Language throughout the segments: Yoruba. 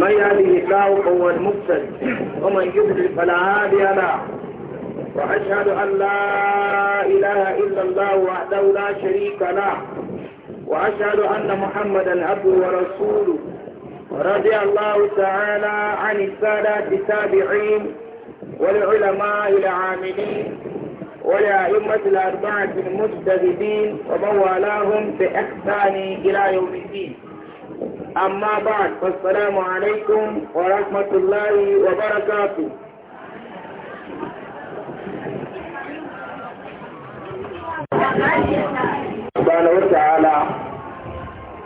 من يهده الله فهو المبتد ومن يضلل فلا هادي له واشهد ان لا اله الا الله وحده لا شريك له واشهد ان محمدا عبده ورسوله رضي الله تعالى عن السادة التابعين والعلماء العاملين ولأئمة الأربعة المجتهدين ومن والاهم بإحسان إلى يوم الدين أما بعد فالسلام عليكم ورحمة الله وبركاته سبحانه وتعالى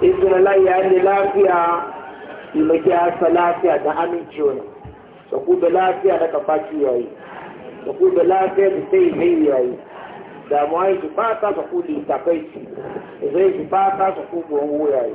إذن الله يعني لا فيها المجاسة لا فيها دعامي تشونه تقول فيها لك فاكي يعي تقول فيها بسي مي يعي دعموهي تفاتا تقول لي تقيتي إذن تفاتا تقول بوهو يعي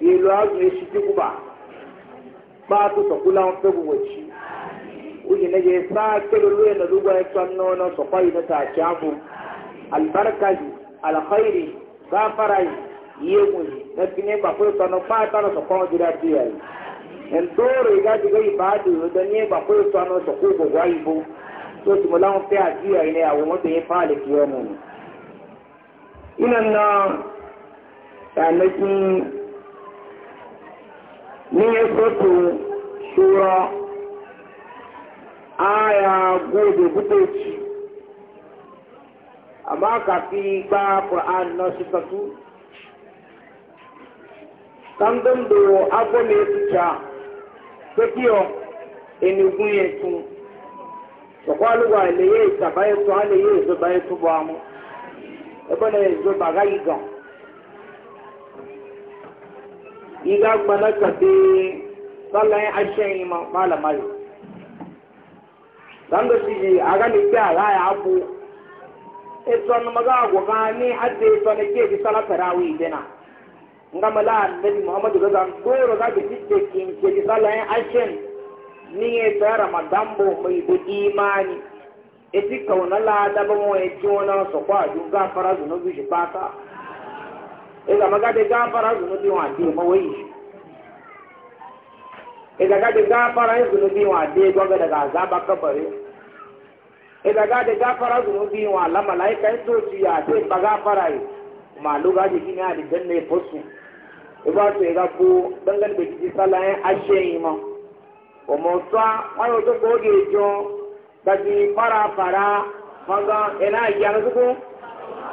yelo azu eshi ti kuba kpaatu sɔkula ŋun fɛ buwɔ tsi wuyi ne ye saa kelolo yɛ nadu gbɔ ɛtɔ nɔɔnɔ sɔkpa yi ne taa tia bo alibarika yi alakayiri gafara yi yie ŋun yi ne ti ne gbafo yi tɔnɔ kpaata ne sɔkpa ŋun dira ti yɛ yi ntooro yi ka diga yi baa do yɛ ne gbafo yi tɔnɔ sɔkpa gbogbo ayi bo so tumula a ti yɛ yi ne awo ŋun tɛ ye faa le ti yɛ mun. ina na ta ne ti. n'ihe foto a ya gu odo bute ji ama-akasi gbaa afọ anọ si sọsọ kamgbemgbo agbomi eticha kpekpeọ enugu etu ọkwa alụwa eleye ezabaa etu ala eye ezoba etu bụ amụ ebe na ezo bụ agha iga gbana kabe sallayin ashen yi malamari don da shi a gani ke a raya abu ito na maza agwaka ni hadda ito na ke salata nga mala muhammadu gaza goro za ki fitte kin ke ashen ni ya ta ramadan mai bu imani kauna la ega magade gafara zunubi wa di ma wai ega gade gafara zunubi wa di gwaga daga azaba kabari ega gade gafara zunubi wa la malaika to ci ya te bagafara yi ma luga ji kini ali danne fosu eba to ega ko dangal be ji salayen ashe ma o mo sa wa yo to goge jo daji para para maga ena yana su ko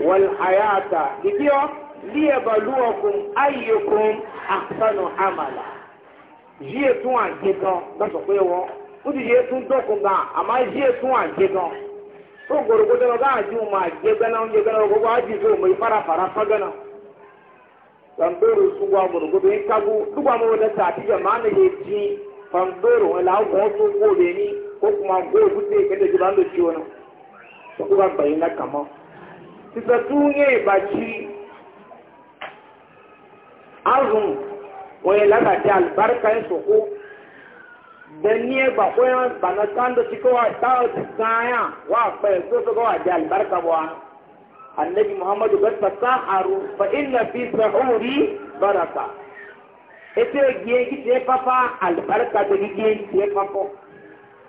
والحياة إذن ليبلوكم أيكم أحسن عملا jíye tún àjẹ gan lọ́sọ̀ pé wọ́n ó ti jíye tún dọ́kun gan àmọ́ jíye tún àjẹ gan tó gbòrògbò tó lọ bá àjẹ òun àjẹ gánà oúnjẹ gánà gbogbo àjẹ tó mọ ìfarafara fágánà pàǹdóró sùgbọ́ àgbòrògbò tó ń kágbó dúgbà mọ́wọ́ lẹ́sẹ̀ àtijọ́ máa ń lè jí pàǹdóró ẹ̀ là ń tó gbó lé ó kùmà gbó òkúté ìkẹ́lẹ́ ìjọba ń lò sí suka tunye baki azun waye lagati albarkan suku da ni e ba koya ba na kan da wa ta su kaya wa ba su suka wa da albarka an annabi muhammadu ga ta saharu fa inna fi sahuri baraka ete gie ki te papa albarka de gie ki te papa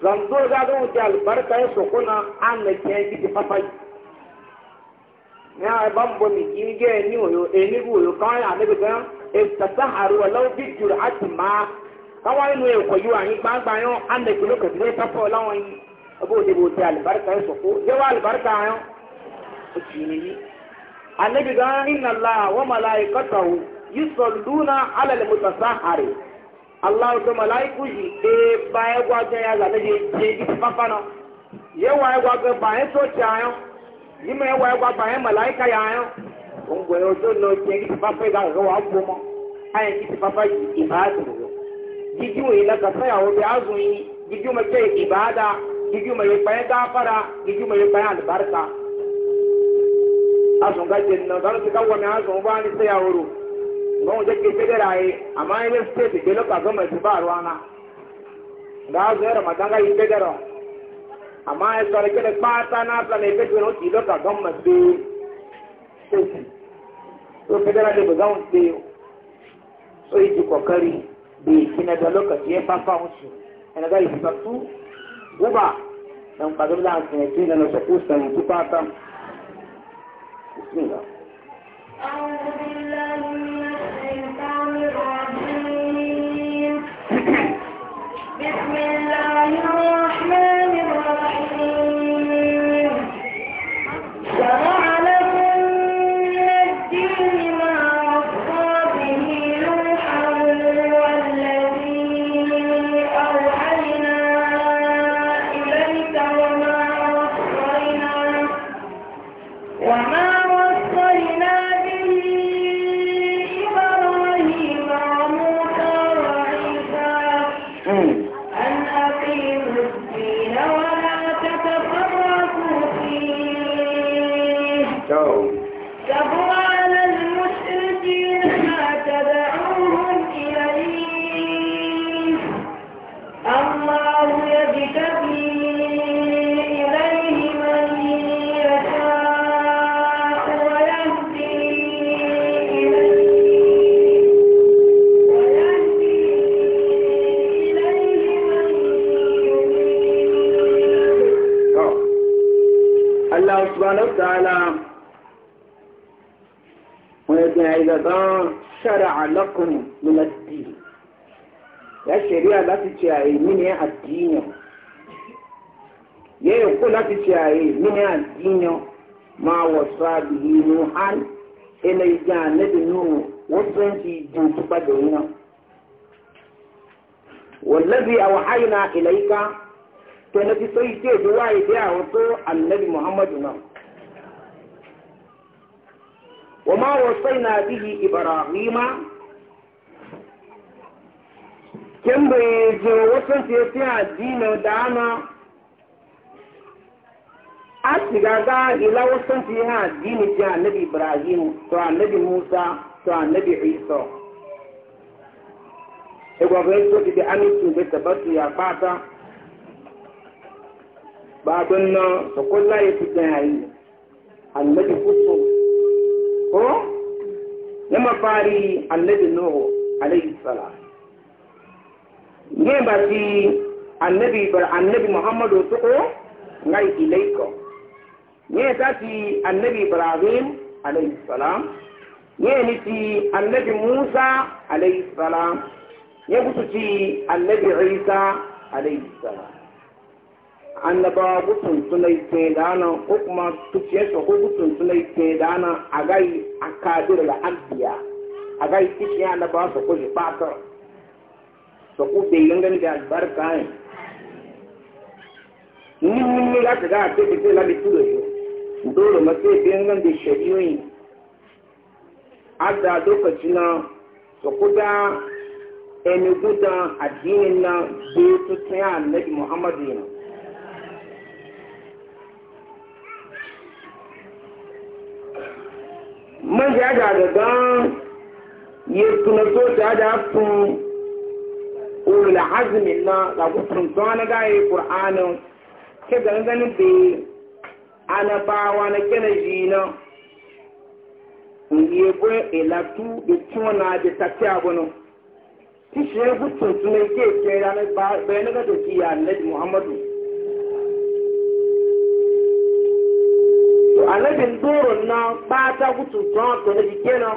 zanzo ga do te albarka e sokona an ne ki te yi. ní àwọn bá ń bomi kiri gé ní òyò èmi bú òyò kan yà níbi gan ìtàtà àrùwà lọ́wọ́ bí jùlọ àti máa káwọn inú èkó yìí wà ní gbangba yẹn àndèkì ló kẹsì ní ìtàfọ́ láwọn yìí ọbọ̀ òde bò ti àlùbáríkà yẹn sọ̀kó yẹwà àlùbáríkà yẹn ó ti yìí nìyí. àníbi gan iná la wọ́n mọ̀ láyé kọ́tà o yìí sọ lúna alẹ́ mo tàtà àrè aláwọ̀ tó mọ̀ yìí ẹwà ẹwà gbà ẹ ya yà áyọ òǹgbẹ ọjọ lọ jẹ kí tìpá fẹ gàgà mọ ayé kí tìpá fẹ ìbáàdùn lọ jíjú yìí lọ kàfẹ àwọn ọbẹ azùn yìí jíjú mẹ jẹ ìbáàdà jíjú mẹ yẹ kpẹ gáfara jíjú mẹ yẹ kpẹ àlùbáríkà azùn ká jẹ nínú ọdún tí amma ya tsara kira kpata na tsara ife jiran otu ilo ka gama se sosi so federal labor zan se so yi ji kokari da kina da lokaci ya fafa musu yana ga ifi tattu guba dan kwadar da an sanyace da na shaku sanyi kipata bismillah أعوذ بالله من الشيطان بسم الله الرحمن mini addini ma wasu abihi nuhan ina yi ga nabi nuhu wasu yanki jintuba da yi nan wallazi a wahaina ilaika to na fi sai ce duwa ya biya wasu annabi muhammadu nan wa ma wasaina bihi ibrahima Kemgbe bai je wasu ce fi addini da ana a shiga ga ila wasan fi ha dini ji annabi ibrahim to annabi musa to annabi isa igwagwai so ti bi amincin da ya fata ba don nan ya kulla ya fi yayi annabi kusu ko ma fari annabi nuhu alaihi salam ne ba ti annabi muhammadu su ko ngai ilaiko ne ta fi annabi ibrahim alayhi salam ne ni ti annabi musa alayhi salam ne gutu ci annabi isa alayhi salam annaba gutun tunai ke dana ko kuma tuciye su ko tun tunai ke dana a gai a kadir da abdiya a gai kishiya annaba su ko shi fatar su ku bai gangan da albarka ne ni ni ga ta ga ta ke la bi tudo shi dole matsayin nan da shari'o'i adda lokaci na su kuda ɗani guda addinin na bai tutun ya annabi muhammadu yana man ya da daga ya tuna so ta da sun ulul azmin na ga kusurun tuwa na gaya ƙur'anin ke ganganin bai a na kene jina ngiye na de tati abono tishe gu tuntune ke kera na ba bene ga to kiya nabi muhammadu to na ba ta gu tuntun to ne dikena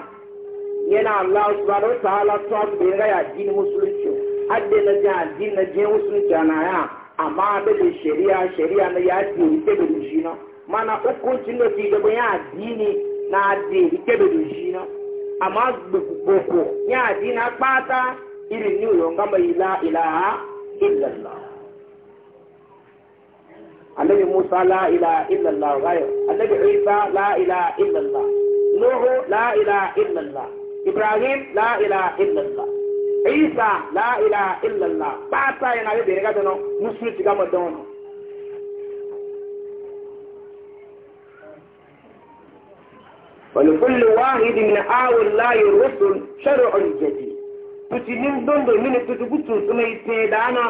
yana allah subhanahu wa ta'ala to be ga ya din musulunci adde na ja din na je musulunci na ya amma da shari'a shari'a na ya ji ke mana hukuncin da ke gaba ya addini na addini ke da doshi na amma boko ya addini kpata irin ni uyo ngamba ila ilaha illallah annabi musa la ilaha illallah gayo annabi isa la ilaha illallah nuhu la ilaha illallah ibrahim la ilaha illallah isa la ilaha illallah kpata yana bebe ga dono musulci gama dono ولكل واحد من هؤلاء الرسل شرع جديد tutinin don domin da tutubutun suna yi ta da ana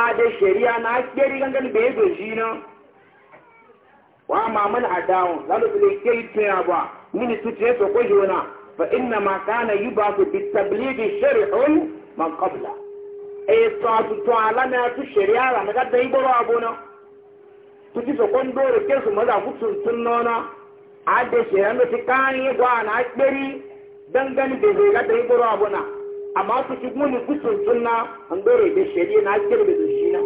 adai shari'a na akiyar gangan da ya doji na wa ma mana a dawon za su ne ke yi tuya ba mini tutu ya ko jona fa inna ma kana yi ba su bi tabligi shari'un man qabla e sa su to alama ya tu shari'a da na gadda yi baro abona tutu kon dole ke su maza kutun sun nona adda shirin da su kayan gwa na ɗari dangane da zai ga ɗari gura abuna amma su ci guni kusur sunna an dore da shari'a na ɗari da zuci na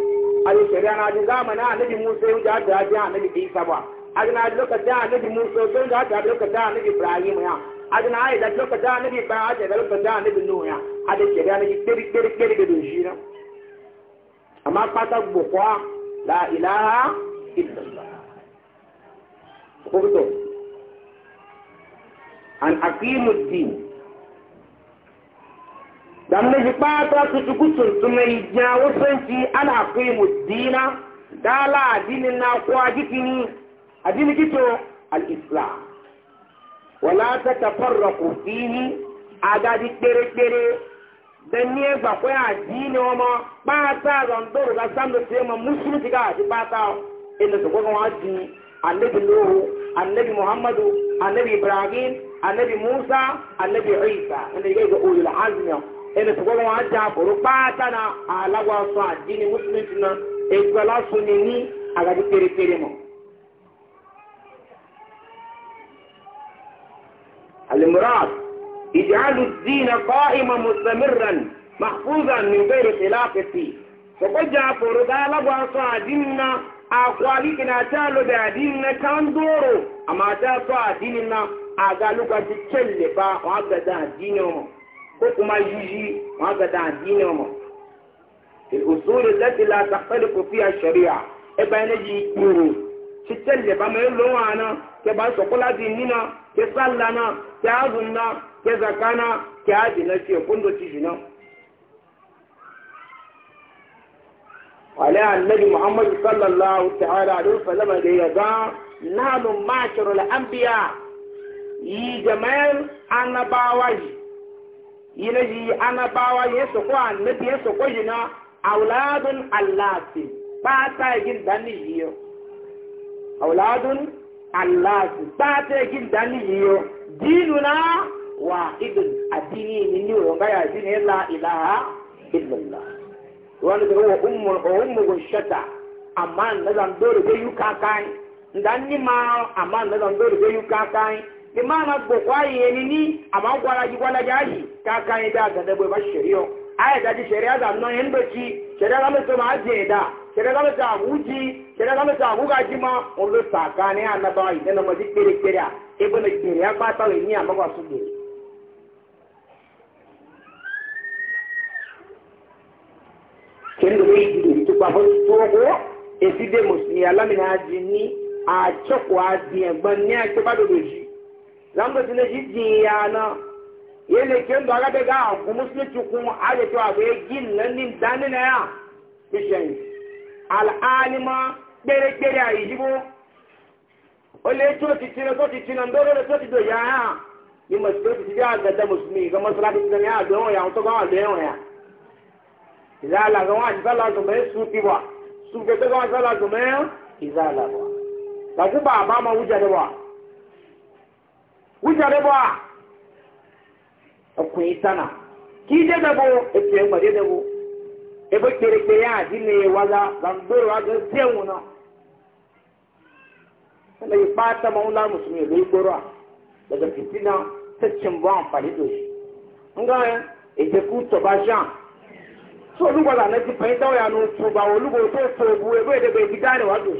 adda shari'a na ji zamani annabi musa yau da da ya ji annabi da isa ba adda na ji lokacin annabi musa yau da adda lokacin annabi ibrahim ya adda na yi da lokacin annabi ba adda da lokacin annabi nuhu ya adda shari'a na ji ɗari ɗari ɗari da zuci na amma fata bukwa la ilaha illallah ko to and akimuddin dan na jipa ta su tukutun su mai jawasanci ana akimuddina dala adinin na ko ajikini adini kito al-islam wala ta tafarraqu fihi agadi kere kere dan ne ba ko ajini wa ma ba ta zan doro ga sando sai ma muslimin ga ji ba ta inda su ko ga waji annabi nuhu annabi muhammadu annabi ibrahim النبي موسى النبي عيسى النبي جاي يقول العزم إن سبب ما جاء بروبا على وصا دين مسلمنا إقبال سنيني على دي المراد اجعل الدين قائما مستمرا محفوظا من غير خلاف فيه فقد جاء بروبا على وصا ديننا a kwali ina ta lo da addini na kan doro amma ta so addini na a ga lokaci kelle ba wa ga da addini mu ko kuma yuji wa ga da addini mu fil usul allati la takhtalifu fiha sharia e ba ne ji kuru ci kelle ba mai lo wana ke ba so kula din ni na ke sallana ke azunna ke zakana ke ajina ce kundo ci jina wale annabi muhammad sallallahu ta'ala alaihi wasallam da ya ga nanu mashirul anbiya yi jama'ar annabawa yi yi na yi annabawa ya su ko annabi ya su ko yi na auladun allasi ba ta yi yin dani yi auladun allasi ba ta yi yin dani yi na, wa idun addini ne ne wa ga ya dinin la ilaha illallah wani da wa ummul wa ummul shata amma na zan dole da yu kakai ndan ni ma amma na zan dole da yu kakai ni ma na go kwaye ni ni amma gwala ji gwala jaji kakai da ga da ba shari'o aya da ji shari'a da non hin baci shari'a ga mutum a je da shari'a ga mutum a huji shari'a ga mutum a huga ji ma on lo sakane annabawa idan ma ji kere kere ibn kiriya ba ta ni amma ba su kere kendo wejiri tukpaho eside musulmi alamina aji ni atsɔko adi ɛgbɛn ní atsɔbadodo dzi lambesi ne dzi yele kendo alabɛ ga agu musulmi tukun ayetɔ abe egi dani na ya christian alalima kperekpere ayidzibo ole tso titi na tso titi ya ya ni musulmi titi bi agada musulmi ya do ya wa do ya. izala ga wani zala ga mai su kiwa su ga ta wani zala ga ba ba ku ba ba ma wuja da ba wuja da ba akwai sana ki da da bo e ke ma da bo e ba kere kere ya ji ne wala zan doro ga zewu na ya fata maula da gora daga fitina ta cin ba amfani da shi an ga e so olúgbò lànà ti pẹ̀lú dáwọ̀ yà ló ń fò olúgbò tó fò bu ewé ìdẹ́gbẹ̀ ibi dáàrẹ̀ wá dùn.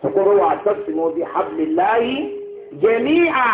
sọkọ́rọ́ wa àtọ́sí mọ́ bí hablillahi jẹ̀míà.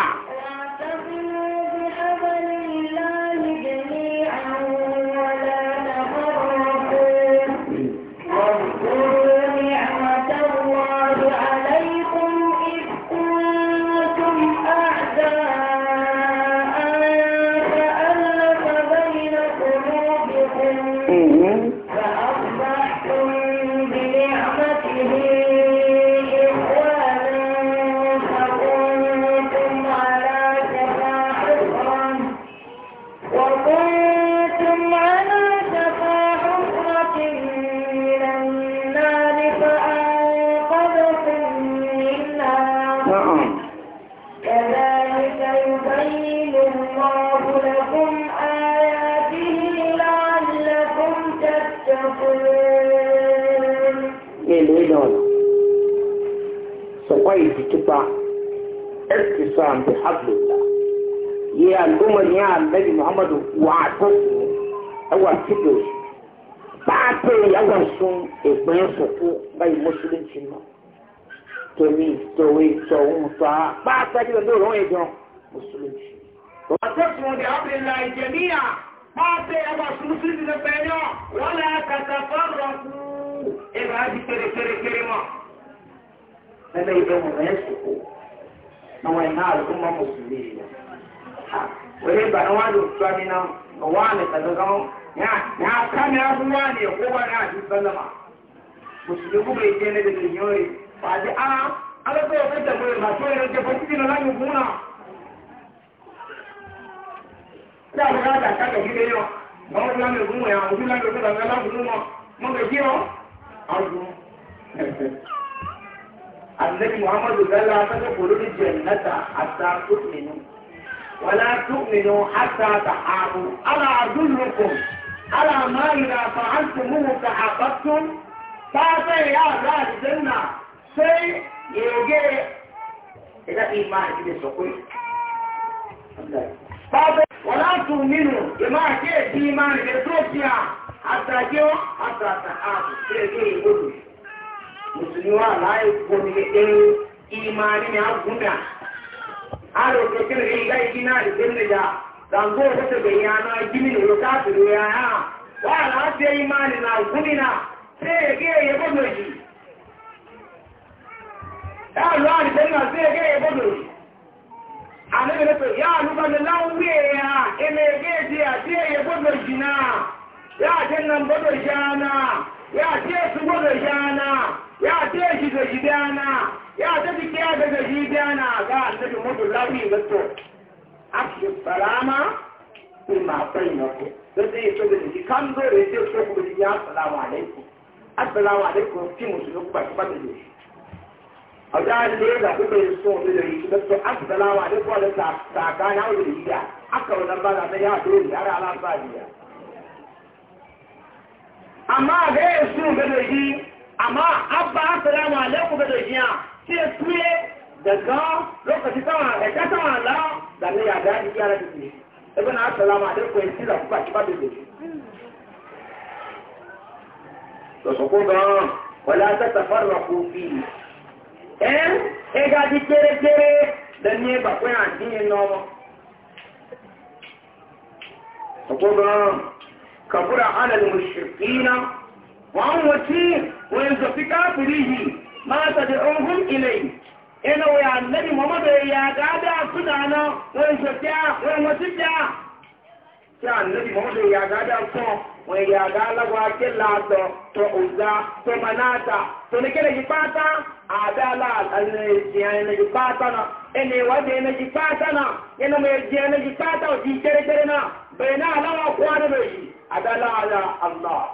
الله جميعا ما في أبا سمسلس بينا ولا تتفرقوا إذا هذه كري كري كلمة فلا يبقى ميسكوا نوعنا الأمة مسلمين ويبقى نوعنا الثامنة نوعنا تدقون يا كامل أبواني يقوبنا في الظلمة مسلمون بيجينا بالنيوري فهذه أنا أنا أقول لك أنا أقول لك أنا أقول لك láwọn ọ̀gá àtàkà tó kíkẹ́ yọ muhammadu bẹ́lá afẹ́fẹ́ kòló ní jẹ̀ àtà tó nínú wàlá tó àtà àtà àbò àlà àdúlùkùn àlà àmàlùdà fàánsìmùhù kà àbátún fáfẹ́ ṣé wọ́n láti nínú ìmọ̀ àti èdè ìmọ̀ rẹ̀ tó fi à àtàjẹ́ àtàtà àtúnṣe ní ìgbòdò. Mùsùlùmí wà láì gbomi ẹni ìmọ̀ àrí ni àgúndà. A lè fi kí ni ìgbà ìdí náà lè fi nìjà. Gbàngbó òkúta bẹ̀yìn àná ìdílé ní ìlú káàkiri rẹ̀ àná. Wà láti ìmọ̀ àrí ni àgúndì náà. Ṣé èké èyẹ gbọdọ̀ yìí? Dáàlú àrí annabi na ce ya nufa da lauye ya ime geji ya ce ya gudu jina ya ce nan gudu jana ya ce su gudu jana ya ce shi da jidana ya ce shi kiya da da jidana ga annabi mutu lauye ga to afi salama in ma bai na ku da zai so da shi kan zo da ya ce so ku ya salamu alaikum assalamu alaikum ki musulun ku ba ki ba da shi ọjà ilé ìgbà tó bẹ̀rẹ̀ sọ òde lè yìí lọ́tọ̀ àtìgbàlá wa àdékò ọ̀dẹ tààgá yà òde yìí yà akọ̀rọ̀ nàbà nàbẹ̀ yà àdó yìí ara alábà yìí yà. àmọ́ àbẹ́ èsù bẹ̀rẹ̀ yìí àmọ́ abá àtẹ̀lẹ́ wọn àlékò bẹ̀rẹ̀ yìí à tí e tú yé dẹ̀gán lọ́kọ̀tí táwọn ẹ̀kẹ́ táwọn àlá dàní ẹ́ ga di pérépéré lẹ́ni ẹgbà pé àdínyẹ náà ọgbọ́gbọ́n kàbúrà alẹ́lùmù ṣìkínà wọ́n wọ́n tí wọ́n zọ fi káàkiri yìí máa tàbí ohun ilẹ̀ ẹnà wọ́n àlẹ́bí mọ́mọ́dé ya ga súnàánà wọ́n na tí a wọ́n wọ́n tí a tí ya gáádá sọ wọ́n ya ga adala energy patana ene wadi energy patana yana mai energy energy pata o jikere kere na bai na alawa kuwa adala ala allah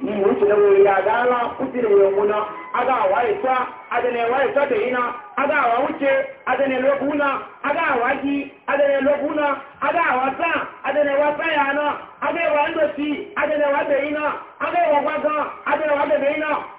ni wuce da adala kuti da yammuna aga wa isa adane wa isa da ina aga wa wuce adane lokuna aga wa ji adane lokuna aga wa sa adane wa sa yana aga wa ndosi adane wa da ina aga wa gwaga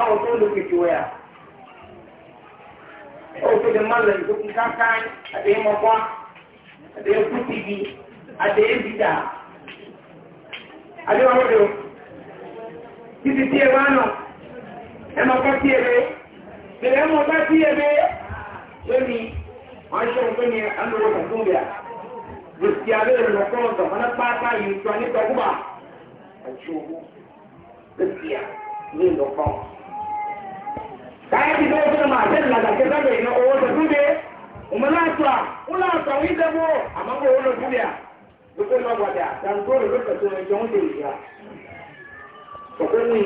awo tó ló kejì wẹ̀ à. Ó kéde má lọ ìdókun kankan, àti ẹ̀ mọ̀kọ́, àti ẹ̀ kú tìbí, àti ẹ̀ bìtà. Àbí wọn lò títí tí ẹ bá nà, ẹ mọ̀kọ́ tí ẹ bẹ, bẹ̀rẹ̀ ẹ mọ̀kọ́ tí ẹ bẹ, lórí wọn ṣe òun pé ní alóòrò kàtó bìà. Bùsùkì alóòrò lọ́kọ́ ọ̀sán, wọn pàápàá yìí tó a ní tọ́kùbà. Àti òwú, bùsùkì à, ní ìlọ́kọ́. káyọ̀ ti bẹ́ẹ̀ fún ọmọ àtẹ́lẹ̀ làgbàjẹ́ sábẹ̀ ìná owó tẹ̀túbẹ̀ ọmọ láàtọ̀ wọn láàtọ̀ wọn ìdẹ́gbọ́ àmọ́ kó owó lọ́túbẹ̀ à lókè náà gbàdà tàǹtó rẹ̀ ló tẹ̀tún rẹ̀ jọ ń lè yà ọ̀pọ̀ ti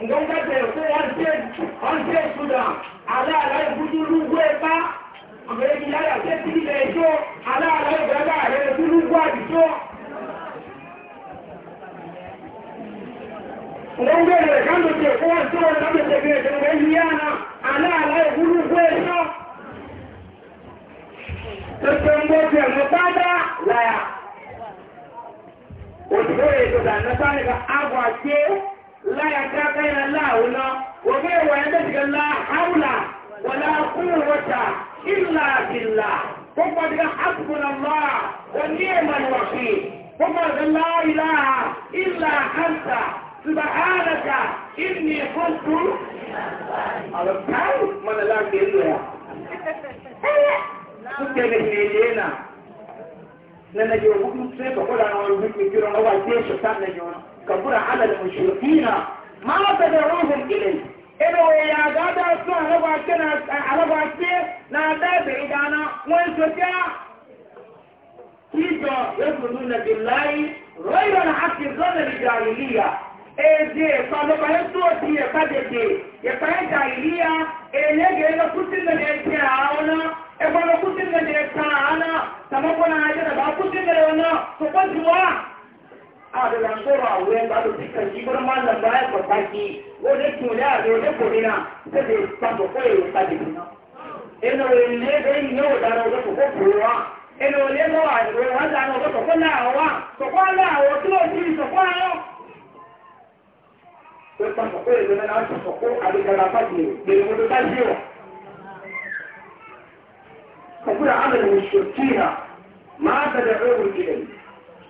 nǹkan gbẹ́gbẹ́ pé wọ́n ṣe ṣùdà aláàlá ìbújú lúgbó ẹ̀pá ọ̀gbẹ̀rẹ̀ ìyá rẹ̀ ṣe tí ilẹ̀ ẹjọ́ aláàlá ìgbẹ́gbẹ́ rẹ̀ sí lúgbó àdìjọ́ nǹkan gbẹ́gbẹ́ rẹ̀ káńdọ̀ tẹ̀ fún wọn tí wọ́n lábẹ̀ tẹ̀ bẹ̀rẹ̀ tẹ̀lẹ̀ ìyá náà aláàlá ìbújú lúgbó ẹjọ́ tuntun gbogbo ẹ̀mọ́ pátá láyà òṣèré ètò ìdánilẹ́sánìkà àgbà ṣe kaya ta kai na la wuna wa mai wa yanda daga la haula wala quwwata illa billah ko ba daga hasbunallah wa ni'mal wakeel ko ba daga la ilaha illa anta subhanaka inni kuntu ala kai mana la ke ya kuke ne yana na na je hukunce ka kula na wani hukunci ran wa ke shi ta na je كبر على المشركين ما تدعوهم إليه إنه يا جادا سوى على باكنا على باكسي لا تابع إدانا وين سجا كيجا يؤمنون بالله غير الحق ظن الجاهلية إيه صادقة يسوتي يقدر يقرأ جاهلية إيه يجي إلى كتن نجيتي أنا إيه فأنا كتن نجيتي أنا سمكونا عجل أبا كتن نجيتي أنا سبحان الله ada langsung awal baru kita jibur malam bayar berbagi. Oleh tulah, oleh polina, jadi tambah kau tadi punya. Eno le dei no daro ko ko puwa. Eno le no a ko wa daro ko ko la wa. Ko ko la wa to ti so ko ayo. Ko tambah kau le na so ko ali kala pagi. Ni mo to tadi yo. Ko pura amal mushkina. Ma tad'u ilayhi.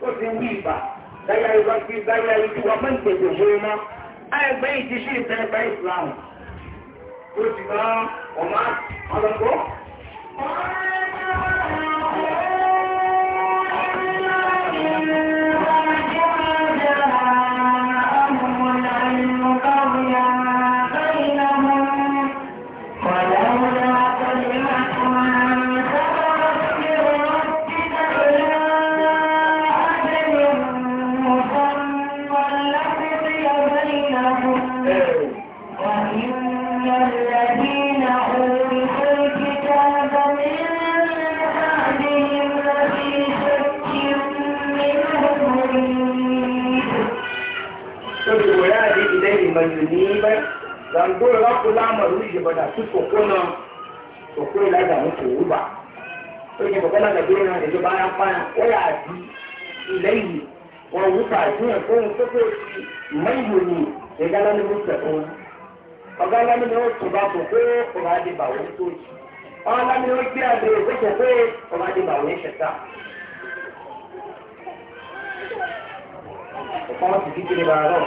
tó ti wí ìbà dáyà ìwà fi dáyà ìlú wa mọ́ ìgbèdè wo mọ́ àìgbẹ́ ìdí sí ìtẹ́lẹ́gbẹ́ ìsìlámù tó ti gbọ́ ọmọ ọlọ́gbọ́. musulmi bai zan dole ba ku lamar wuce ba da su koko na koko ila da muku ruba sai ke magana da dole na da ji bayan bayan waya ji ilayi wa wuta ji ne ko wuta ko mai yuni ya gana ni wuta ko ọgá ni wọn tún bá koko ọba di ba wọn tó ji ọgá ni wọn gbé àgbẹ̀ òkú koko ọba di ba wọn ṣẹta. Ọ̀pọ̀ wọn ti di kiri ba rọ̀.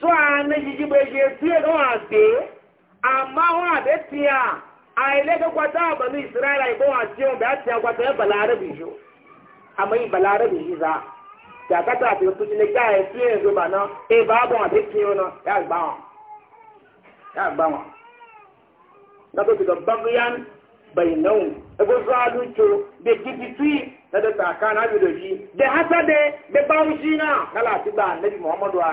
so a na jiji gbe je tie no abe amma ho abe tia a ile ga kwata banu israila ibo wa tie o ba tia kwata e balare bi jo ama i balare bi ji za ya kata bi ku ne ga e tie zo ba na e ba bo abe tie o no ya gba won ya gba won na to bi ga bagyan bainahum ego zalu cho be kiti na da tsaka na bi da ji da hasade be bawo shi na kala ti ba annabi muhammadu a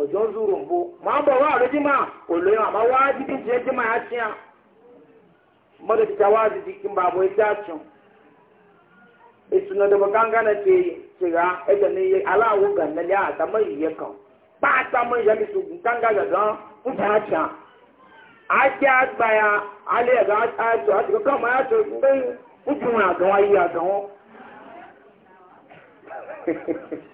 ọjọ́ zuru mbụ ma ọ bọ̀ wá àrẹ́jì máa òlò yẹn àmọ́ wá dídí jẹ́ jẹ́ máa ṣe à mọ́tò ti ta wá dídí kí n bá bọ̀ ẹjẹ́ àtún ìsúná dọ̀bọ̀ gángá náà ṣe ṣèlá ẹ̀jẹ̀ ní iye aláwọ̀ gànẹ́lẹ́ àtàmọ́ ìyẹ kan pátá mọ́ ìyá mi sùn gángá gàgán ń ta àṣà àjẹ́ àgbà ya alẹ́ ẹ̀gá àtọ̀ àti kọ́kọ́ mọ́ àtọ̀ ń dùn àgàn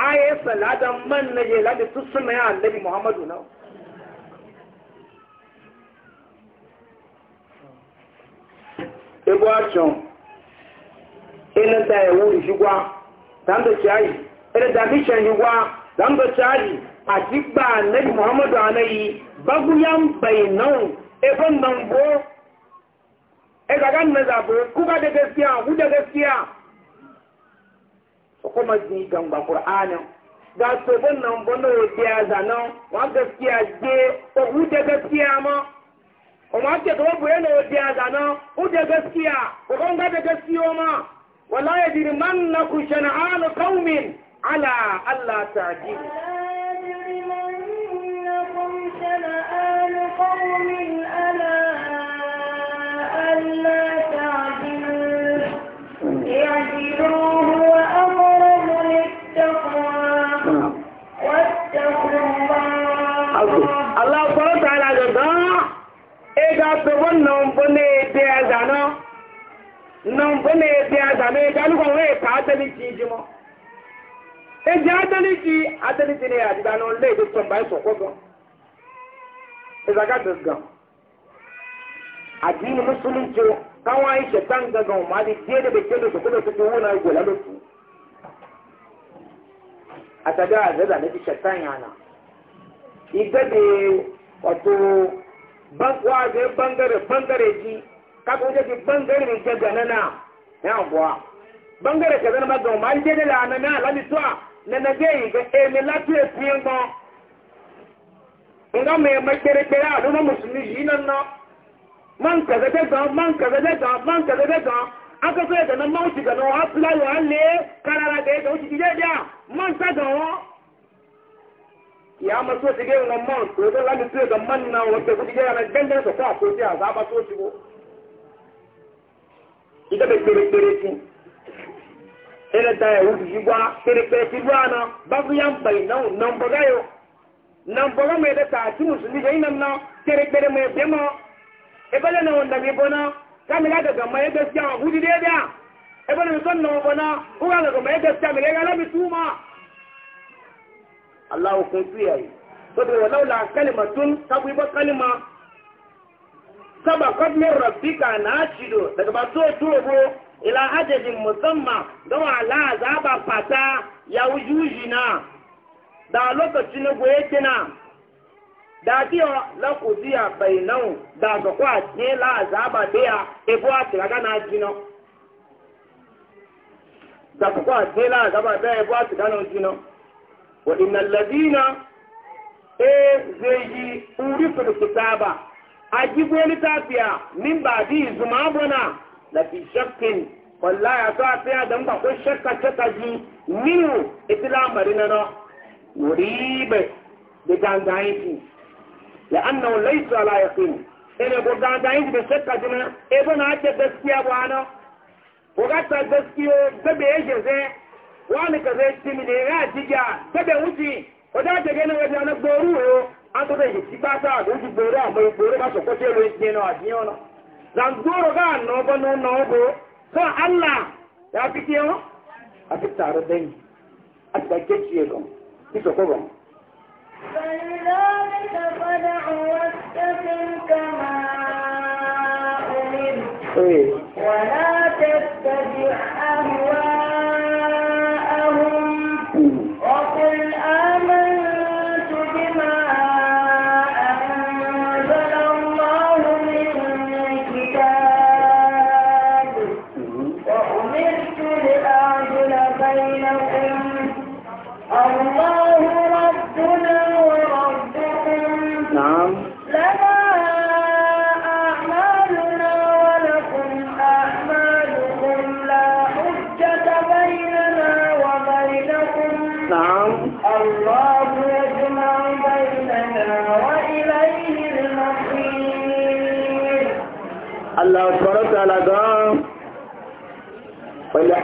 aye salada man na je ladi tu sunna ya annabi muhammadu na ebo acho ina da ya wuri shigwa dan da chai ina da mi chan shigwa dan da chai a jigba annabi muhammadu anayi baguyan bainan ebon nan bo e ga gan na zabo kuka da gaskiya ku da gaskiya kuma ji gamba qur'anin ga sobon nan bono ya biya zanen wa gaskiya je ko huje gaskiya ma kuma ke kuma buye yana ya biya zanen huje gaskiya ko kan ga da ma wala ya jiri man na ku shana'anu kaumin ala allah ta'jibu ku Allah subhanahu ta'ala ga ga e ga to wannan bane da ya zana nan bane da ya zana ga lu kon wai ka ta liki jimo e ja ta liki a ta liki ne ya da non le da ton bai so ko go e zaga dusga addini musulunci kawai yi shaitan daga umarni je da bai kenda su kuma su ke wuna gola mutu a tabi a zaza na shaitan yana ita da wato bankwa zai bangare bangare ji kaka wuce ji bangare da ke gana na ya guwa bangare ka zana magan ma je da lana na alamituwa na na zai yi ga emi lafiya fiye ma nga mai makere kere a nuna musulmi shi nan na man kaza da gan man kaza da gan man kaza da gan aka so ya gana man shi gana wa fulayo an le karara da ya ga wuce ji daidai man ta gan wa ya ma so ti ge ngam man ko da la mi ga man na wa ta ku ge na den den so ko ti a za ba so ti go ida be tere tere ti ele da ya wuji gwa tere tere ti gwa na ba bu yan bai na nan ba ga yo nan ba ga me da ta ti musulmi ga nan na tere tere me be mo e na wanda mi bona ka mi ga ga ma ye ga ja wuji de da e bale mi son na bona ku ga ga ma ye ga ja mi ga la mi tuma Allah kun tsiyaye saboda walau la kalimatun tabi kalima saba kadmin rabbika na cido daga ba so tuwo ila adadin musamman don ala zaba fata ya wujuji na da lokaci na goye kina da kiyo la kudiya bainau da ga kwa ce la azaba biya ebo a tiraga na jino da kwa ce la azaba biya ebo a tiraga na jino wa ladina eh zai yi urifin ba. a gibo littafiya min ba bi zuma bana. da fi shakkin wallahi ya sa tsaya dan ba ko shakka ta kaji minu islamari na no muribe da gangayi la annahu laysa ala yaqin ene ko da shakka dina e eh, bona ta gaskiya bwana ko ga ta gaskiyo da be yake sai wani ka zai ti mi ne a jiga ta da wuce wadda ta gani wajen na gboru yo an ta zai yi ba ta a mai gboru ba su kwace lo yake na wajen yau na allah a fi a Mm.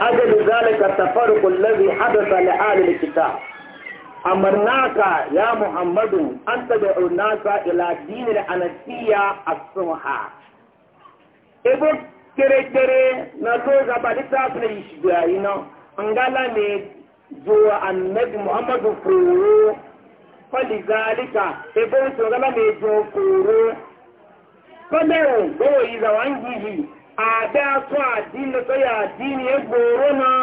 أجل ذلك التفرق الذي حدث لآل الكتاب أمرناك يا محمد أن تدعو الناس إلى دين الأنسية الصمحة إبو كري كري نتوزا بديتا في إشباعينا أنقال نيد جوا النبي محمد فرور فلذلك إبو سنغالا نيد جوا فورو فلو دو إذا وانجيه àbẹ́ atú àdínlẹ̀ tó yà àdínì egbòrò náà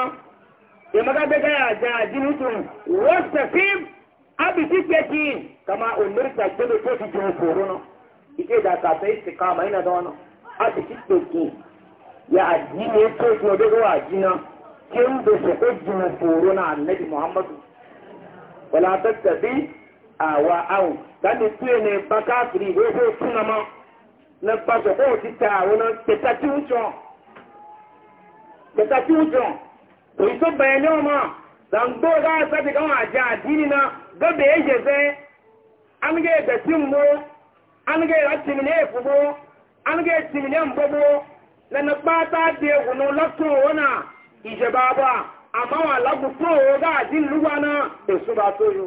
ìmọ́gádẹ́gá yà àjá àdínì tún rọ́sẹ̀fíìm ábìtí pẹ̀kì kama olóríta gbẹ́lẹ̀ tó ti jẹun kòrò náà ìké ìdàkàtà ìsìnká àmà ìnà dáwọn náà ábìtí pẹ̀kì yà na tó ti ọdọ́gọ́ àdínà kí ń bẹ̀sẹ̀ na jẹun kòrò náà nẹ́bí muhammadu wọ́n látọ̀ tẹ̀bí àwa áwùn láti na na kpasọ kó o ti ta na tẹta tí ń jọ tẹta tí ń jọ òyì tó bẹ̀rẹ̀ na gbọ́dọ̀ èyí ẹ̀fẹ́ anigẹ́ ẹ̀bẹ̀ tí ń bó anigẹ́ ẹ̀tìmì ní èfú bó anigẹ́ ẹ̀tìmì ní di ewùnú lọ́tún owó náà ìjẹba bá àmọ́ wọn alágùn fún ga dáa àdínì lúwa náà èso bá tó yọ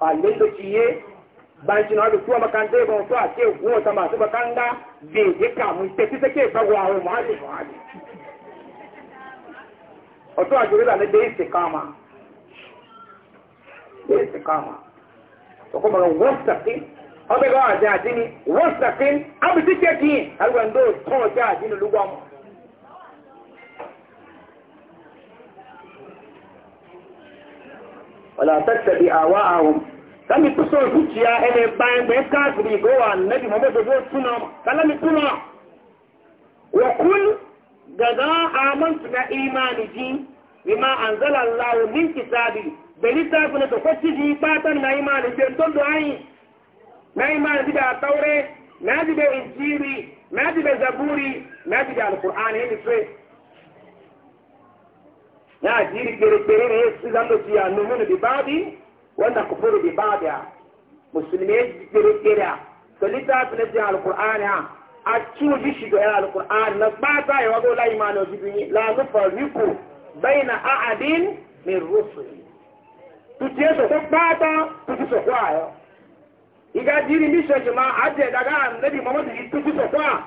ɗalibai da ciye bayan shi na wadda a ce masu makaranta bai je kamun tafi take sagwa wa muhalli a jirila na da kama da ya ce kama to kuma ga wasafin wadda ga wajen ajini wasafin wala tattabi awa'ahum kami kuso zuciya ene bayan bayan kafiri go annabi muhammadu go tuna mi tuna wa kul gaga amantu na imani ji bima anzala allah min kitabi da littafin da kwaci ji fatan na imani ji don do ai na imani ji da taure na ji da injiri na ji da zaburi na ji da alqur'ani ne sai na ajiri kere-kere na su zama su ya numunu bi babi wanda kufuru bi babi Musulmi musulmi ya ji kere-kere a to littafi na jin alkur'ani a a cuji shi ga yana alkur'ani na gbata ya wago la imani na wasu la nufa riku bai na a'adin min rusuli tuti ya sokwa kpata tuti sokwa ya iga jiri misho jima ajiye daga annabi mamadu tuti sokwa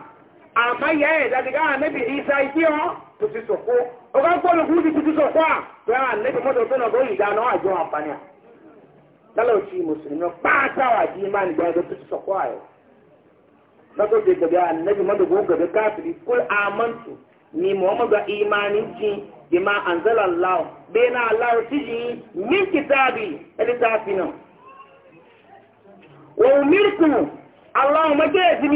àmọ́ ìyá ẹ̀ dáadéká ànẹ́bì ìsá ikí ọ́ tó ti sọ̀kó ọgá gbọ́dọ̀ fún ti ti à pé ànẹ́bì mọ́tò tó náà bó ìdáná àjọ àǹfààní à lálẹ́ òtí mùsùlùmí pátá àjí máa nìgbà ẹ̀dọ́ tó ti sọ̀kó àyọ̀ lọ́tọ́ ti gbẹ̀gbẹ̀ ànẹ́bì mọ́tò bó gbẹ̀gbẹ̀ káàkiri kúl àmọ́ntù ni muhammadu imani jin bima anzala allah bena allah tiji min kitabi ẹni tá allah ọmọdé ẹ̀sìn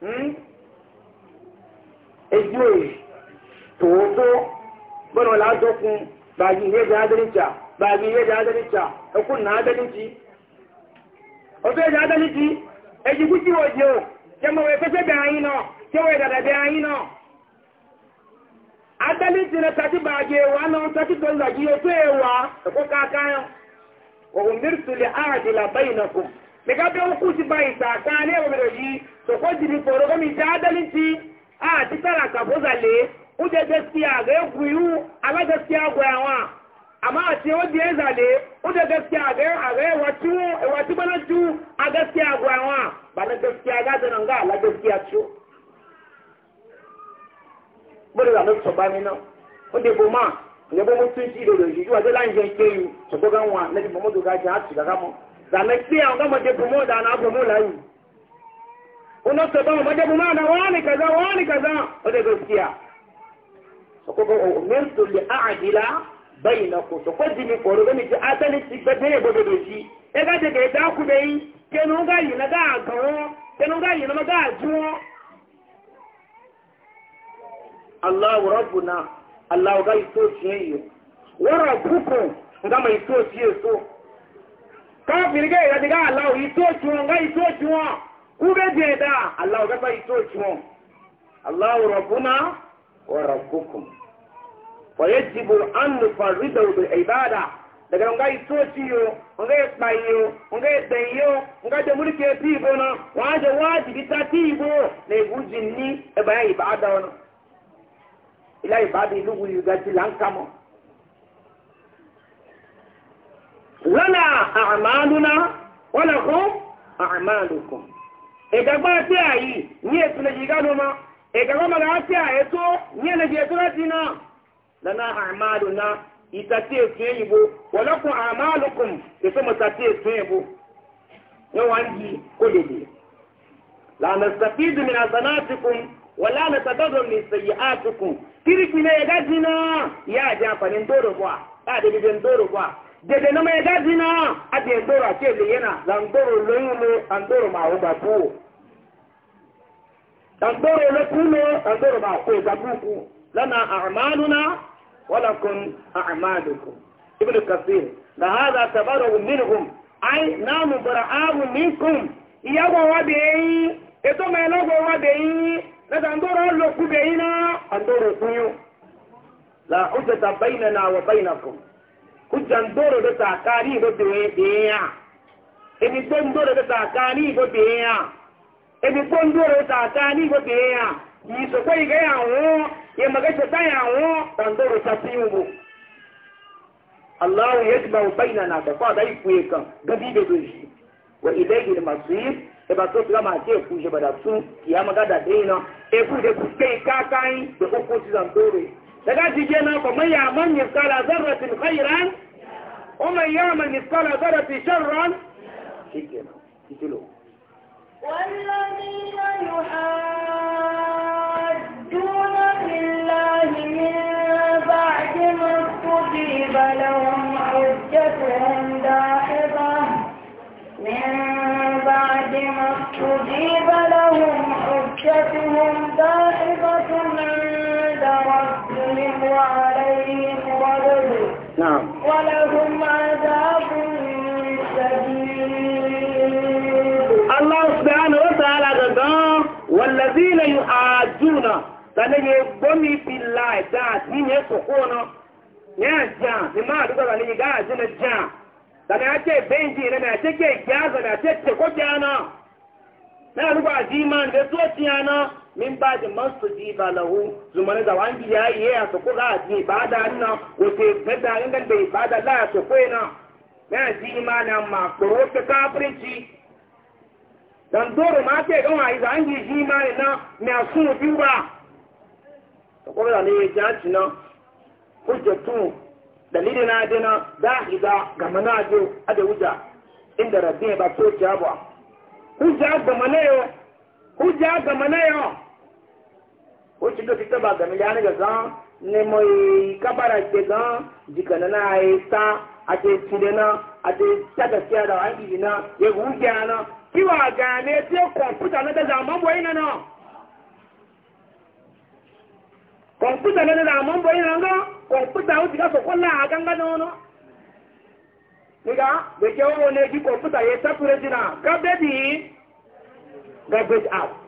Hmm? ejú èyí tòótọ́ gbọ́nà lájọ́kun bàgì ìrẹ́jẹ adẹ́lìjà bàgì ìrẹ́jẹ na ẹkùn náà adẹ́lìjì ọ̀tọ́ ẹ̀jẹ̀ adẹ́lìjì ẹjú kúkí òjò jẹmọ̀wé pẹ́sẹ́ nọ, kí náà jẹmọ̀wé dàdà bẹ̀ ayin náà adẹ́lìjì rẹ̀ tàbí bàgì ẹ̀wà náà tàbí tọ́lùbàgì ètò ẹ̀wà ẹ̀kọ́ káàkáyàn òun mírìtìlẹ̀ báyìí soko jiri kporo gomi ta adalinci a ti tara kafo zale uje gaskiya ga ya guyu ala gaskiya goyawa amma a ce wadda ya zale uje gaskiya ga ya ga ya wacci wacci balacci a gaskiya goyawa ba na gaskiya ga da nan ga ala gaskiya la bọ́dọ̀ lànà sọ̀bá mi náà ó dé bò máa ìyẹn bó mo tún sí ìdòdò ìṣíjú àti láǹjẹ kéyù sọ̀gbọ́gá wọn lẹ́yìn bòmọ́dọ̀ gajah àti gàgámọ́ lànà sí àwọn gámọ́dé bòmọ́dà náà bòmọ́ láyìí kuna sababu majabu mana wani kaza wani kaza wanda gaskiya so ko umirtu li a'dila bainakum so ko dimi ko ro ni atali ti gbe ne bodo do ji e ga de ga da ku de yi kenu ga yi na ga gawo kenu ga yi na ma ga juwo Allah rabbuna Allah ga ito ciyo wa rabbukum ga mai to ciyo so kafir ga ya diga Allah ito ciyo ga ito ciyo kuga je da Allah ga bai to ciwon Allahu rabbuna wa rabbukum wa yajibu an nufarrida bil ibada daga nga ito yo, nga ekpayo nga edenyo nga de mulki eti ibo na waje wajibi ta ti ibo na ji ni ebe ya ibada ọnụ. ila ibada ilugu yuga ti lankamo lana a'maluna wa lahum a'malukum ìgbàgbọ́ tí a yìí ní ètò lè yìí gánú mọ́ ìgbàgbọ́ mọ́ra tí a ètò ní èlè ètò láti náà lọ́nà àmàlù náà ìtàtí ètò ìbò wọ́lọ́kùn àmàlù kùn ètò mọ̀tàtí ètò ìbò ní wọ́n yí kó lè lè lànà sàfíìdù mi àzànà àti kùn wọ́n lànà sàdọ́dọ̀ mi sèyí àti kùn kírìkì náà ẹ̀dá jìnnà yá àjẹ dede na mai gaji na adi ndoro a ce yana da ndoro loyi lo ndoro ma wuga ko ndoro lo kuno ndoro ma a ga buku lana a'maluna wa lakum a'malukum ibn kasir la hada tabaru minhum ai namu bara'u minkum iyawo wa be eto mai go wa yi na da ndoro lo ku be ina ndoro kunyo la na bainana wa bainakum kujan doro da tsakani ba biya ebi gbon doro da tsakani ba ya. ebi gbon doro da tsakani ba biya yi so kai ga yawo ya magace ta yawo dan doro ta tiwo Allah ya ji bawo baina na ta kwa dai kuye kan gabi da doshi wa ilayhi al-masir e ba to kama ke ku je ba da su kiyama ga da dai na e ku da ku kai kakai da ku ku zan dore daga jijena ko man ya'mal mithqala dharratin khairan wa man ya'mal mithqala dharratin sharran shikenan kitilo والذين يحاجون في الله من بعد ما استجيب لهم حجتهم داحضة من بعد ما استجيب لهم حجتهم داحضة يحرم عليهم غضبه نعم ولهم عذاب شديد الله سبحانه وتعالى قال والذين يحاجون tàlẹ́yẹ gbọ́mí fi la ẹ̀dá àti ní ẹ̀kọ̀kọ́ ọ̀nà ní àjà ní máa dúgbà tàlẹ́yẹ gáàjì ní jà tàbí àti ẹ̀bẹ́ǹdì rẹ̀ ní àti ẹ̀kẹ́ ìgbà àgbà àti ẹ̀kọ́jà náà náà dúgbà àti ìmọ̀ ǹdẹ́ tó ti àná min ba da masu jiba lahu zumani da wani ya yi ya su kuka a ji ba da nan wace ta da yin da ba da la su kwai na na ji imanin ma kuro ta kafirci dan doro ma ke gan wani da an yi ji imanin na na su biyu ba ta kuma da ne ya ji hanci na hujjatu dalilin na dina da higa ga manajo a da wuja inda rabbi ba to jabuwa hujja ga manayo hujja ga manayo o ti dɔsi taba gami ya ne ka gan ne mo ye kabara te gan jikana na n'a e ye tan a te tile na a te taga siya da an jigi na ye k'u jɛ na ki wa gan ne te kɔmputa ne ka a ma bɔ i na na kɔmputa na ka zan a ma bɔ i na nga kɔmputa o ti ko la a ka n ka nɔnɔ nga bɛ kɛ o ne ki kɔmputa ye sapure ti na ka bɛ bi ga bɛ out.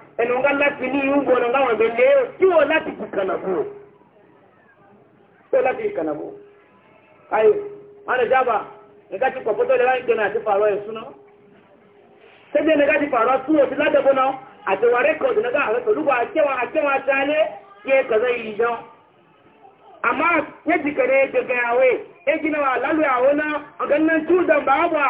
ẹnu ńgá láti ní ìwúgbọ́ ọ̀nà ńgáwọn ẹgbẹ́ lé tí wọ́n láti kù kànàbù tí wọ́n láti kù kànàbù ayò wọn jábà nígbà tí pọ̀ pọ́tọ́ lẹ́la ìjọba àti pààrọ̀ ẹ̀ súná sẹ́gbẹ́ nígbà tí pààrọ̀ tú òfin ládẹ́gbọ́n náà àtẹ̀wà yìí jọ àmọ́ gẹ̀gẹ̀ àwẹ̀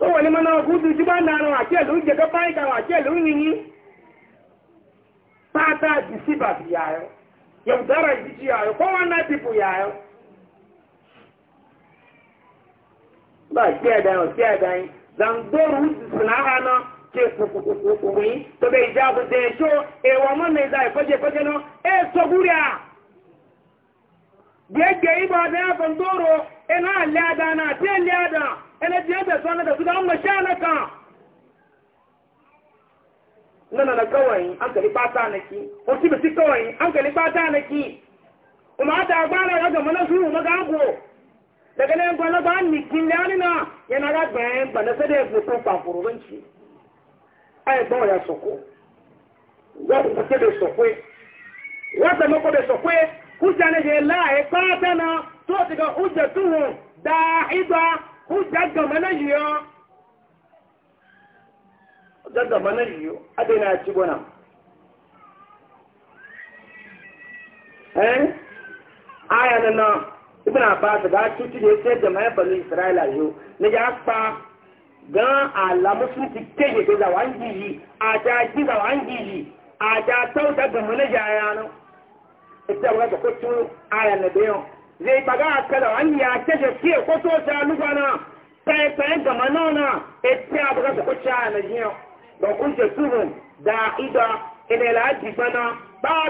o wọlé mọ́nà ọkùnrin tí bá ń darun àkẹ́lù ń jẹ́kọ́ báyìí darun ń yìnyín pátá dìsíbà sí yàrá yọ̀dára bá a jẹ́ si ẹ̀ sọ́gúrì ẹ̀ ene je da sana da su da amma sha na ka nana na kawai an kali fata na ki o ti bi kawai an kali fata na ki kuma ta gbara ya ga mana su ma gago daga nan gwana ba ni kin da ni na yana ga gbe ba na sai da ku ko pa furubanci ai ba ya soko ya ku ke da soko ya ta mako da soko ku jane je la e pata na to daga hujjatuhum da'ida hujja ga mana yiyo hujja ga mana yiyo adina ci gona eh aya na na ibn abbas ga tuti ne sai da mai bani isra'ila yo ne ya pa gan ala musulmi ti keye ga za wangi yi a ta ji za wangi yi a ta sauta ga mana yaya no ita wa ga ko tu aya zai baga a kada wani ya ce da ke na ta lugana fẹ́fẹ́ gàmánà na etí abúgbàtà kó tí a nàìjíríà lọ́kùn jẹ túbù da ìdá ilẹ̀ láti gbaná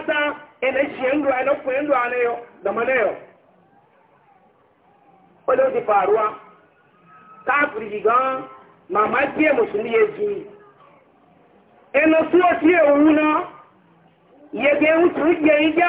na ilẹ̀ ṣe ń lọ ẹlọ́kùn ń lọ na yọ gàmánà yọ. ó ló ti faruwa káàkiri yìí gan màmá díẹ̀ mùsùlùmí yẹ jì ẹnu tí ó ti èwú náà yẹ kí ewu tún jẹ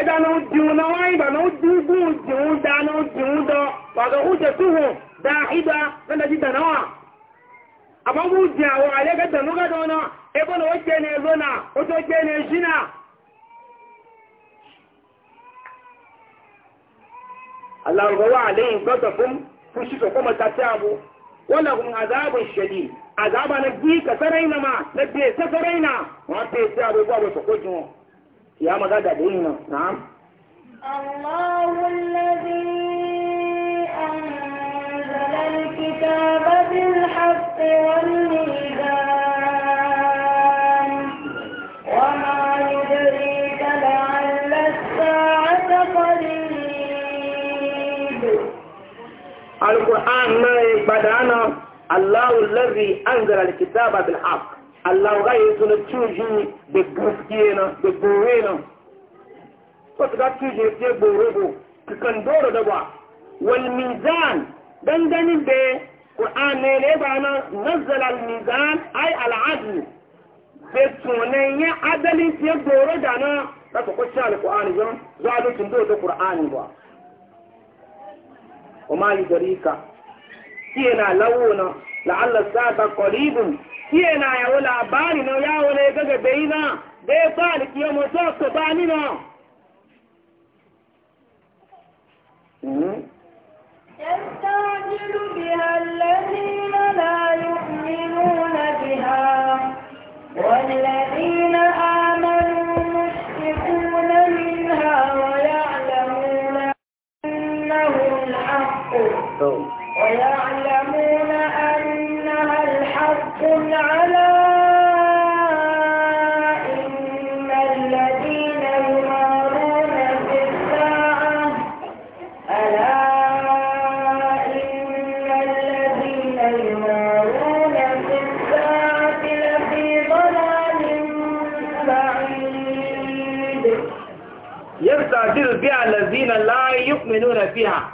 ẹ̀dá náà dìun náà wáyé ìgbà náà dúgbùn dìun dáa náà dìun dọ wàgà ó tó wọ̀ dá ìdá lọ́dọ̀ jíjà náà wà. àmọ́ wọ́n àwọn àlẹ́gẹ́ tẹ̀núgàdọ́ náà ebó náà ó jẹ́ ní ẹ̀rọ náà ó tó jẹ́ ní ẹṣin náà. aláwọ̀ àlẹ́yìn gbọ́dọ̀ fún fún ṣíṣọ́ kọ́ mọ́ta tí a bú wọ́n lọ́kùn àzáàbùn ṣẹ̀dì àzáàbà na bí kẹsẹ́rẹ́ a يا مغادة دينا نعم الله الذي أنزل الكتاب بالحق والميزان وما يدريك لعل الساعة قريب القرآن ما يبدأنا الله الذي أنزل الكتاب بالحق Allah ga yi suna cuji da gaskiye na da gore na ko su ga cuji ya gore ko ka kan doro da ba wal mizan danganin da Qur'an ne ne ba na nazzala al mizan ay al adl be tunan ya adalin ya gore da na ka ko sha al Qur'an jan zalutin do da Qur'an ba yi ka. وما يدريك سينا لونا لعل الساعة قريب kiye na yawo labari na yawo ne gaga bai na bai ba da kiyo mu to ko ba ni na يستعجل بها الذين لا يؤمنون بها والذين ألا إن إن الذين الذين في في الساعة الساعة لفي ضلال بعيد يستعجل بها الذين لا يؤمنون فيها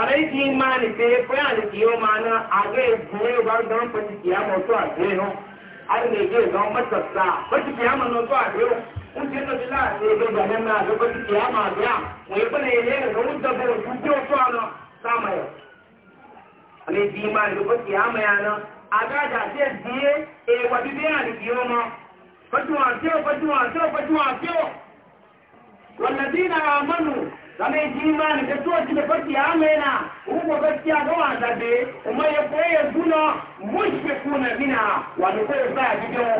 kàlẹ́ ti maa ní pé fúlàní kì í máa ná àgbẹ̀ ìgbìmọ̀ ìwà gbọ́n pẹ̀lú kì í á mọ̀ tó àgbẹ̀ yọ alìlèdè ìgbà mọ́tọ̀tà pẹ̀lú kì í àgbẹ̀ yọ ń ṣe tóbi láti ẹgbẹ́ ìgbà mẹ́rin àgbẹ̀ pẹ̀lú kì àgbẹ̀ à wọ́n yẹ pẹ̀lú ilé ẹ̀rọ ń dọ̀bọ̀ tí ó والذين آمنوا zame jimani da tuwa ci da farki ya mena uku gaskiya ga wanda be kuma ya koya duna mushke kuna mina wani koya sa a jikin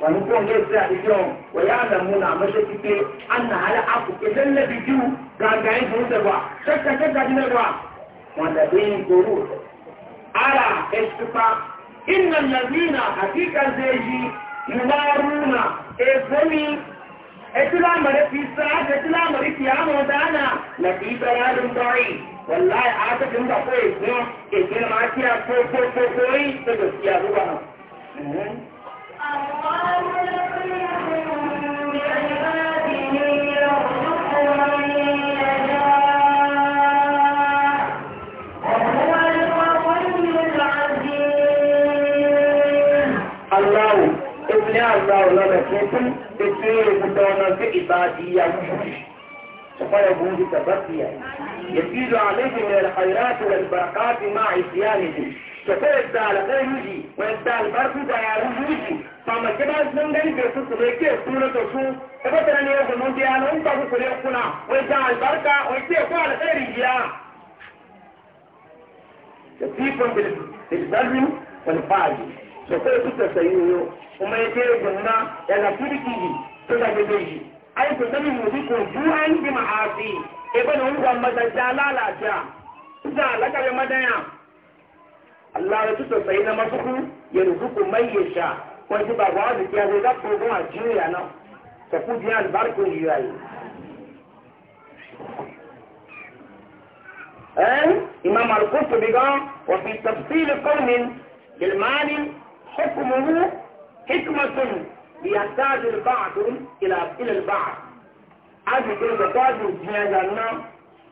wani koya sa a jikin wa ya alamu na mashi kike an na hali aku idan na biyu gangayen sun da ba shakka shakka jina ba wanda be yi goro ara eskipa inna lalina hakikan zai yuwaruna efoni etilamare fi sa'ad etilamare fi amon dana na fi bayanin dori wallahi a ta dinga ko efon efon ma ki a ko ko الله لنا كتن بكير بدون في عبادية فيقول تبقيا يزيد عليه من الخيرات والبركات مع عصيانه كفرد على غيره ويبدا البرك على وجوده فما كده من غير بيسوس ويكي سورة سو فبتر ان يقول من دي انا انت ابو كل يقنا ويبدا البركة ويكي على غيره يا كثيف بالبر والفاجر فكيف تسيئه kuma ya ce gumna daga kirki to da gebe shi ai ku sani mu bi ko juhan bi ma'asi e bana wani gwamba da ta lalata ta lakabe madaya Allah ya tuta sai na masuku ya rubuku mai ya sha wani ba ba wani ya zai da ko a jiya na ta ku jiya albarku yayi أه؟ إمام القرطبي وفي تفصيل قوم للمال حكمه حكمة يحتاج البعض إلى إلى البعض هذه كلمة بعض جهازنا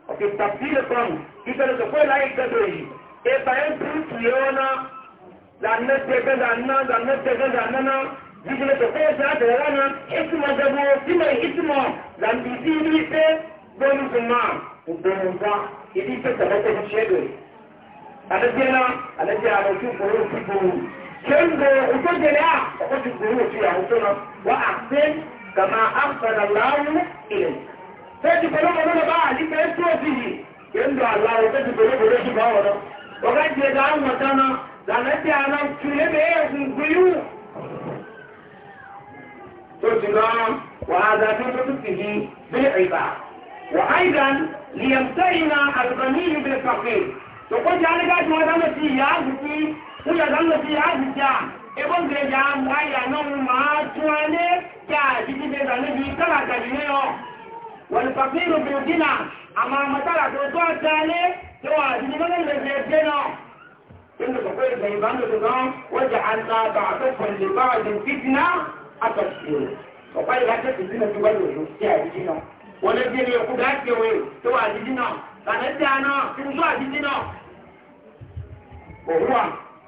وفي التفصيل كم إذا تقول لا يكتبه إبراهيم بروت ليونا لأنه تكن لأنه لأنه تكن لأنه Jíjẹ́ tẹ̀kọ́ ìṣáàtẹ̀ lánà ìtumọ̀ jẹ́bú símọ̀ ìtumọ̀ làǹdì sí ilé iṣẹ́ gbọ́nùsùn máa ìgbẹ̀rùnká ìdí ìṣẹ́ tẹ̀lẹ́tẹ̀ ìṣẹ́gbẹ̀. Àdẹ́jẹ́ náà, àdẹ́jẹ́ àwọn ojú ìfòrò sí gbòòrò kendo utojelea wakati kuruhusu ya husema wa ahsin kama ahsana Allahu ilayk sasa kwa nini ndio baa lipo hivi kendo Allah wakati kuruhusu hivi baona wakati ya damu sana zanati ana tulebe nguyu ترجمة وهذا في لطفه بالعباد وأيضا ليمتعن الغني بالفقير تقول جعلك أجمع Nígbà tó ń lọ sí àdìsá, ebó ń gbèjà àmúháyà náà mú máa tún ẹ ní kí àdìsí gbèjà níbi kálàkàdì ní ọ. Wọ̀lù pàpí ìròbì òdínà, àmọ́ àmọ́tàlà tó tó ọ̀tá lé tó àdìsí mọ́lẹ̀ lè fi ẹgbẹ́ náà. Nínú kòkó ìgbà ìbámu náà, wọ́n jẹ́ àná bàtọ́ pẹ̀lú bá àdìsí fìtínà àtọ̀sí. Ọ̀pá ìlà tẹ̀sí sínú tó bá yòrò sí àdìsí náà. Wọ́n lé bí ẹni ẹkú bá kéwé tó àdìsí náà. Tàbí tí a náà, tí mo tó àdìsí náà. Òwúwà.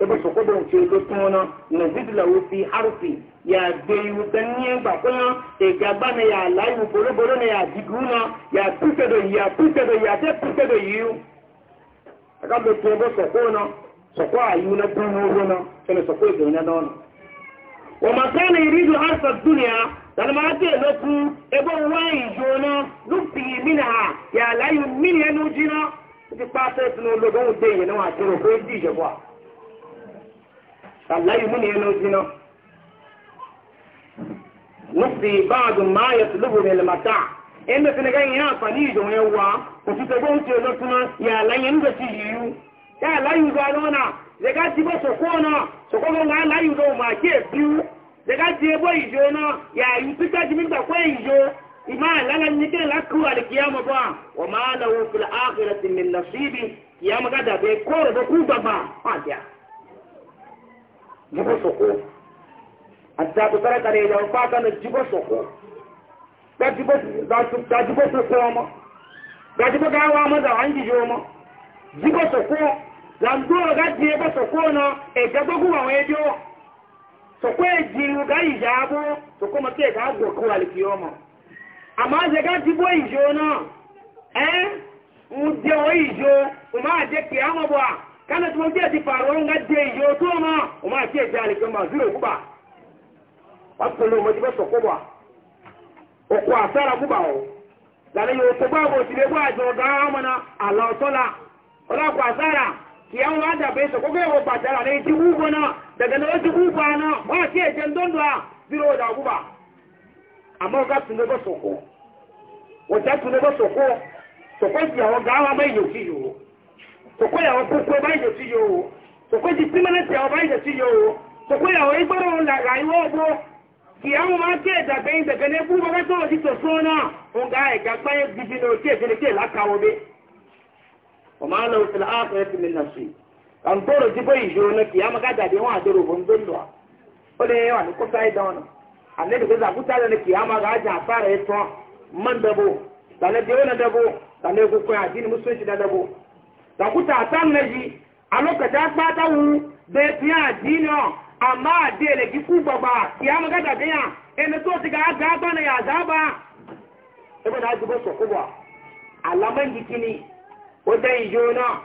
ebe soko don ce ko tona na zidla wufi harfi ya dai wutan ne ba kuma e gaba na ya layu bolo bolo na ya diguna ya tuta da ya tuta da ya ta tuta da yu aka be to bo soko na soko ayu na bunu rona kana soko da na don wa ma kana yuridu harfa dunya dan ma ta loku ebo wai jona lufi minha ya layu min ya nujina ti pa ta tuno logo de yana wa tiro ko wallahi mun yi lojina nufi ba'adu ma ya tulubu ne lamata in n'a sinagan ya amfani da yawa ku ci ce na kuma ya layin da ci ya layu ga nona da ga ba soko na soko ga na layu ga ma biyu da ga ci ijo na ya yi fita jimin ijo ma jibo soko ati ati tara kare yi ɔfa kana jibo soko ka jibo soko ɔmo ka jibo ka awa ɔmo da wani jijo ɔmo jibo soko lantɔ ɔga die ko soko na ɛga gbogbo wɔn soko edi o ga yi ya abo soko ma kee ka agbo ko aliki ɔmo ama azɛ ka jibo ijo na ɛ ŋudie ijo o ma je kia ɔmo a. kana tuma je ti faruwa nga eyi yo to ma o ma je jani kan ba zuro kuba wa kullu ti be o ko asara kuba o dale yo to ba bo ti le na ala ko asara ki an wa da be sokko ge ba ne ti na ti wu na wa a zuro da kuba ga tun o ta tun ba sokko sokko ti awon ga sokwe yawo kukwe baije tu yowo sokwe jisimanesi yawo baije tu yowo sokwe yawo igboro la rayuwa obo kìyàwó máa ké ìdàgbẹ́ ìdàgbẹ́ ní ẹgbú bọ́bá tó ti tò sún náà òun ga ẹ̀gá gbáyé gbígbí ní òkè ìdílé kí ìlàkàwọ́ bí. ọmọ àlọ na ààfẹ́ ti mi nà i kàǹtóró zakuta atan na ji a lokacin fata wu da ya fiye addini amma addini da gifu babba ya maga da biya ina so ti ga gaba na ya zaba ibi na jibo so kuwa alaman jikini wadda yi jona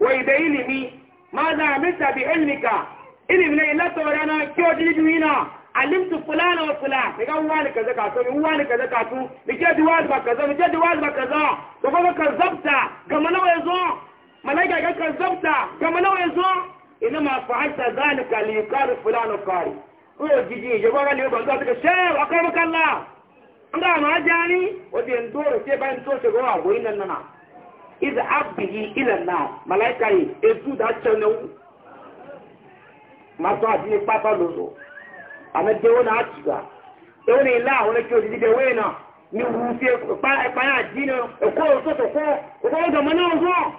wai da ilimi ma za a mista bi ilmika ilimi na ila tsorana kyau jirgin yana alimtu fulana wa fulana daga wani kaza kaso in wani kaza kaso nike duwa ba kaza nike duwa ba kaza to kaga kazzabta ga manawa ya zo malaika kan kazzabta kama nawa yazo ina ma hasa zalika li yuqalu fulanu qari o jiji je ba le ba zaka shew akai makalla anga ma jani wadi ndoro ce ban to gowa go inna nana iz abdihi ila na malaika yi e da chanu ma to na papa lozo ana de wona atiga e wona ila wona jiji wena ni wu pa pa ya e ko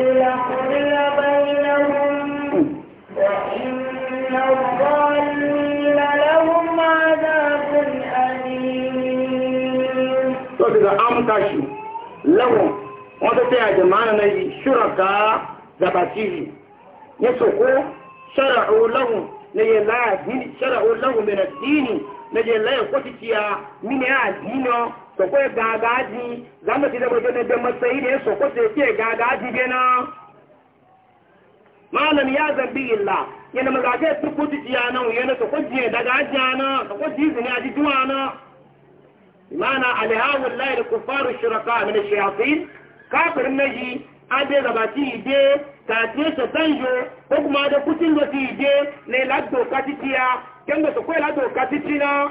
لقضي بينهم وإن لهم عذاب أليم تقول أمتشوا لهم wọ́n tó tẹ́ àjẹ̀mánà náà yìí ṣúrọ̀ká zabatíri ní sòkó ṣẹ́ràó lọ́hùn lẹ́yẹ láàdínì ṣẹ́ràó lọ́hùn mẹ́rẹ̀ dínì lẹ́yẹ láyẹ̀kọ́ títí a mínú àdínà sokwe gagaji za mu ci da bakin da matsayi ne soko sai ke gagaji gina malam ya zambi illa yana magaje tuku jiya nan yana sokwe jiya daga ajiyana sokwe jizi ne a jijuwa na imana alihawun layar kufaru shiraka min shayatin kafir naji abe gabati ide ta tiye shatan yo ko kuma da kucin da ti ide ne lado katitiya kyan da sokwe lado na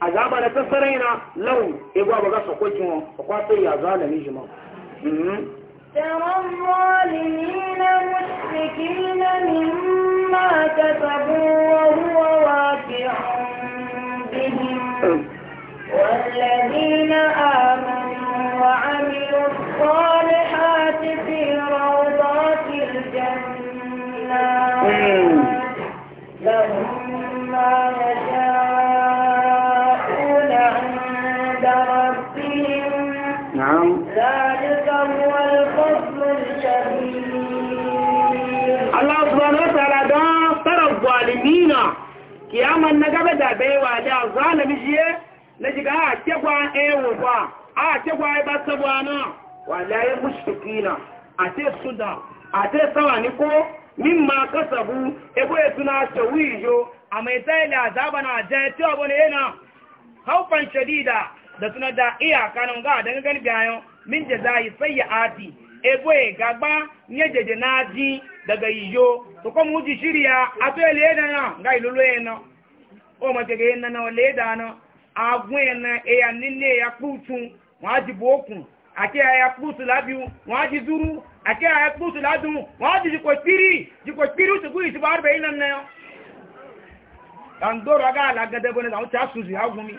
azaba na لو e na lau igwa ba ga sakwacin wọn akwai ya zalimi ترى الظالمين مشفقين مما كسبوا وهو واقع بهم والذين آمنوا وعملوا الصالحات في روضات الجنة لهم ما يشاءون kiyaman na gaba da baiwa da zalimi jiye na jiga a kegwa ewu e ba a kegwa ba sabuwa na walaye mushrikina a te suda a te sawa ni ko min ma kasabu ebo etu na shawi ijo a mai tsaye da azaba na jan ti abu ne yana haufan shadida da suna da iyaka nan ga dangane bayan min da za sayi ati eboye gagba nye jeje na aji daga iyo yiyo to kuma uji shirya ato ele eda na ga ilulu eno o ma jege ena na ole da na agun ena eya nile ya kputu won aji bo okun ati aya kputu labiu won aji zuru ya aya kputu ladun won aji jiko spiri jiko spiri to ku isi barbe ina na yo dandoro aga ala gade bone da o cha suzi agumi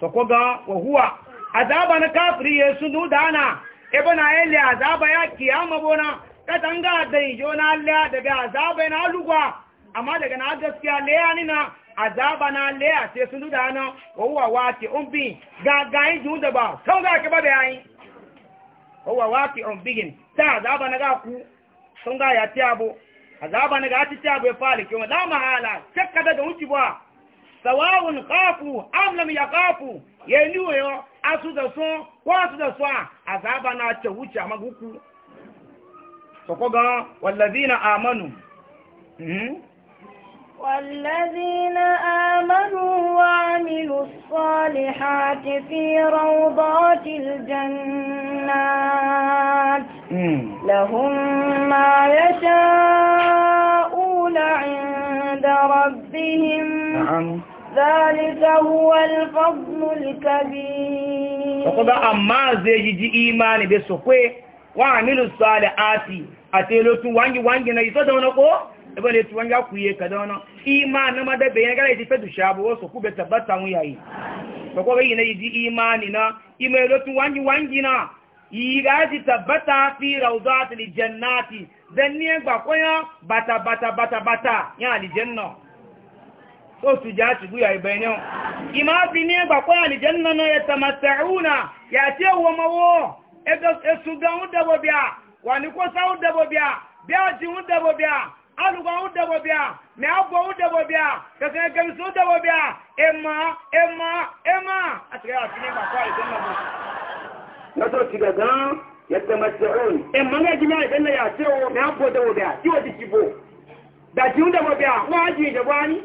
sokoga wa huwa azaba na kafiri yesu nudana ebe na ele azaba ya kiyama bona katanga da ijo na Allah daga azaba na lugwa amma daga na gaskiya leya ni na azaba na leya sai sun nudana wawa wati umbi gagayin jun da ba sau ga ki ba yayi wawa wati umbigin ta azaba na ga ku sun ga ya tiyabo azaba na ga ci tiyabo ya fali kuma la mahala shakka da wuci ba sawa'un khafu am lam yaqafu yaniyo asu da so ko su da so azaba na ta wuce amma guku to ko ga wallazina amanu hmm? والذين آمنوا وعملوا الصالحات في روضات الجنات hmm. لهم ما يشاءون عند ربهم نعم ذلك هو الفضل الكبير وقضى أما زيجي إيماني بسوكوي وعملوا الصالحات أتلوتوا وانجي وانجي نيسدونكو ebe ne tuwan ya kuye ka da wani imanin madabe ya gara ya tafi da shabu wasu kube tabbata imani na imelotun wangi wangi na yi gaji tabbata fi rauzat aljannati dan ne gbakwaya bata bata bata bata ya aljanna so su ja ci guya ibe ne ima bi ne ba ko aljanna no ya tamatta'una ya ce wa e ga su ga mu da bobia wa ni ko sa da bobia biya ji mu da bobia alu ga mu me abo mu da bobia ka ga ga su da bobia emma emma emma atira ti ne ba ko aljanna bu na so ti ga gan ya tamatta'un emma ne ji mai ya ce wa me abo da bobia ti wa ji kibo da ji mu da bobia wa ji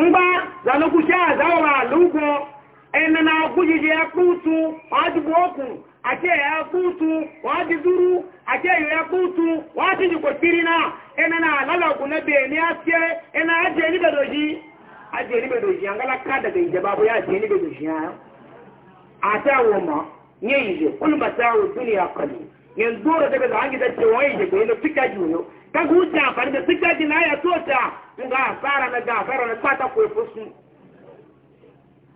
mgba zanokwuchi azawa lugwo ene na agwụjiji ya kpụtu wadịbụ okwu acheya ya kpụtu wadịzuru acheyo ya kpụtu wadịjikwesiri na ene na alalagwu na beni na tie ene aje enibedoji aje enibedoji ya ngalaka daga ijeba bụ ya aje enibedoji ya ata woma nye ije kulmata wa duniya kali yanzu dora daga zahangida cewa ije ga yi na fika juyo kan hujja amfani da suke gina ya tota in ga asara na ga asara na kwata ko fusu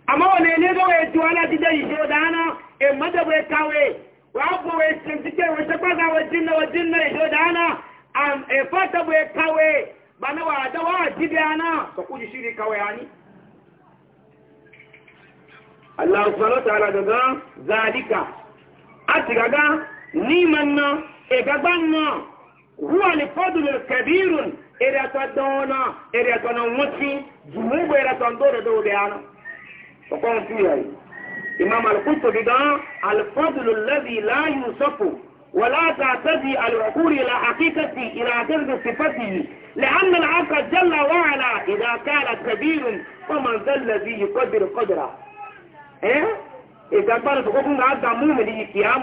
amma wane ne ga waye tuwa na dida yi jo da e mada bai kawe wa ko waye tin dike wa ta kwaza wa jinna wa jinna yi jo da am e fata bai kawe bana wa da wa dida ana ka kuji shiri kawe ani Allah subhanahu wa ta'ala daga zalika atigaga niman e na e gagban na huwa alifadulu kabirun ere atwa dɔɔna ere atwa na ŋuti jumu bɛ ere atwa ndoro dɔw de ano o kɔn fi yɛ imam alikutubi gan alifadulu lɛbi la yusufu ولا تعتدي على العقول إلى حقيقته إلى عدد صفته لأن العقل جل وعلا إذا كان كبير فمن ذا الذي يقدر قدره إيه؟ إذا كانت حكم عبد عموم لإكيام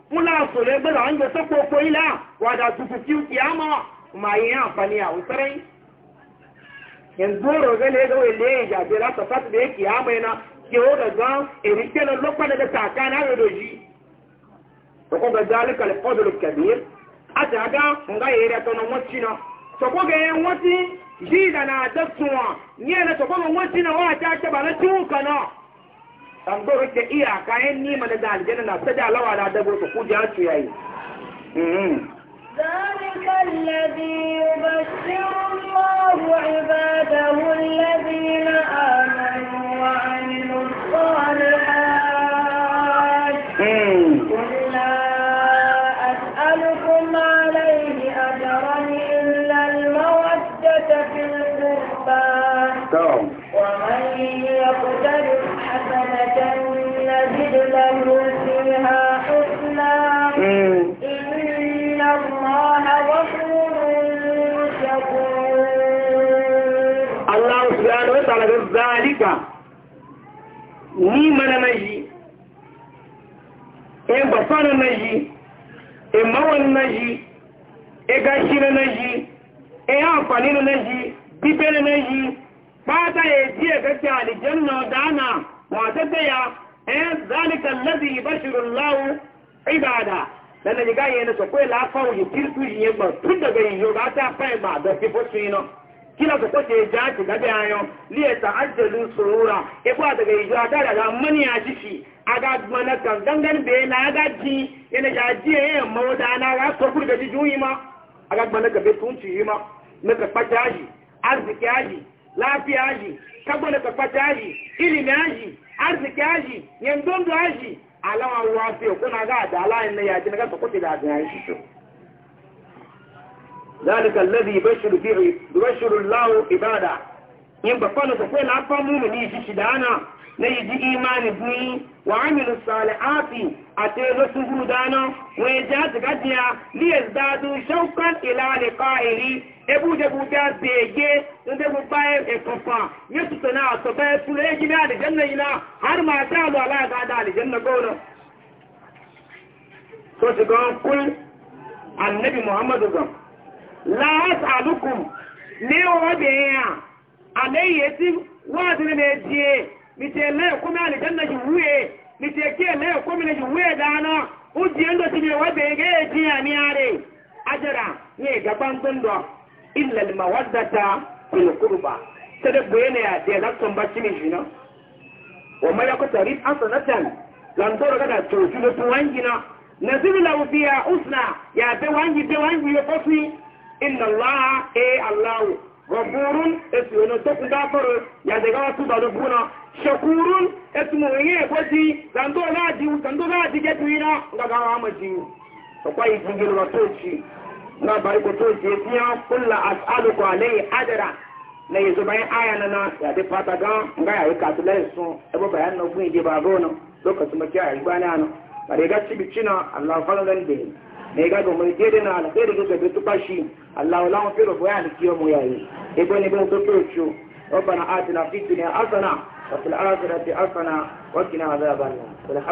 Kula sore gbada an da sako ko ila wada su su ciu kiyama Kuma yi amfani a usarai yanzu roga ne ga wele ya bi la ta fatu da kiyama yana ke o da ga erike na lokwa da ta kana da doji to ko ga zalika al fadl kabir ata ga nga yere to no mochina to ko ga yan wati jida na da suwa ne na to ko mochina wa ta ta bala tuka na tamboro ke iyaka yan nima na da aljanna na ta da da dabo su kuja su yayi ذلك الذي يبشر الله عباده الذين آمنوا وعملوا الصالحات قل لا أسألكم عليه أجرا إلا المودة في القربى ومن يقترب لم فيها حسنا إن الله غفور شكور الله سبحانه وتعالى ذلك ni mana naji e basana naji e mawan naji e gashira naji e amfani naji bibele naji ba ta yi ya ذلك الذي يبشر الله عباده lẹ́nà ìgbà yẹn ni sọ pé láàfáwọn yìí tí tún yìí mọ̀ tún dẹ̀gbẹ̀ yìí yóò bá tá a fẹ́ máa bẹ̀ fi fún sun iná kí lọ́sọ̀ pé ṣe já ti dábẹ́ ayan lé ẹ̀ta àjẹlú sòrúra epo àtẹ̀gẹ̀ yìí yóò adáraga mọ́ni àṣìṣì agagbọ́nà kan gangan bẹ́ẹ̀ náà agájí yẹn ìjà jí ẹ̀yẹ mọ́wọ́ arziki aji yan dondo aji alama ruwa fi kuna ga da alayin na yaji na gasa kuɗi da ga yaji shi ذلك الذي bashiru فيه يبشر yin babban ko kwai na mu ne shi shi da ana na yi ji imani buni wa amilu salihati a telo su gudana wani ja su gajiya liyar dadu shaukan ilali ƙa'iri ebu da guda bege sun da bayan ekofa ya su sana a sofa ya tura ya gina da janna ina har mite leo kome alijanna jiwuye mite kie leo kome na jiwuye dana uji endo tine wabege jia niare ajara nye gaban gundo illa almawaddata fil qurba sada buyene ya de zakon bacci ne jina wa ma yaqtarib asanatan lan dora kada toju ne tuwangina nazibu lahu fiha usna ya be wangi be wangi yo kofi inna allah e allah غفور اسمه نتوك دافر يا دغا تبا دبونا shakurun etumuye kwati zando na ji zando na ji ke ga ga ma ji akwai wa toci na bari ko toci tiya kullu as'aluku alai adra na yanzu bayan aya na ya da fata ga ya ka sun e bayan na kun je ba ga Allah dan de ne ga do na alheri ga da tukashi Allah firo ni kiyo ya. e ba to toci ربنا آتنا في الدنيا وفي الآخرة حسنة وقنا عذاب النار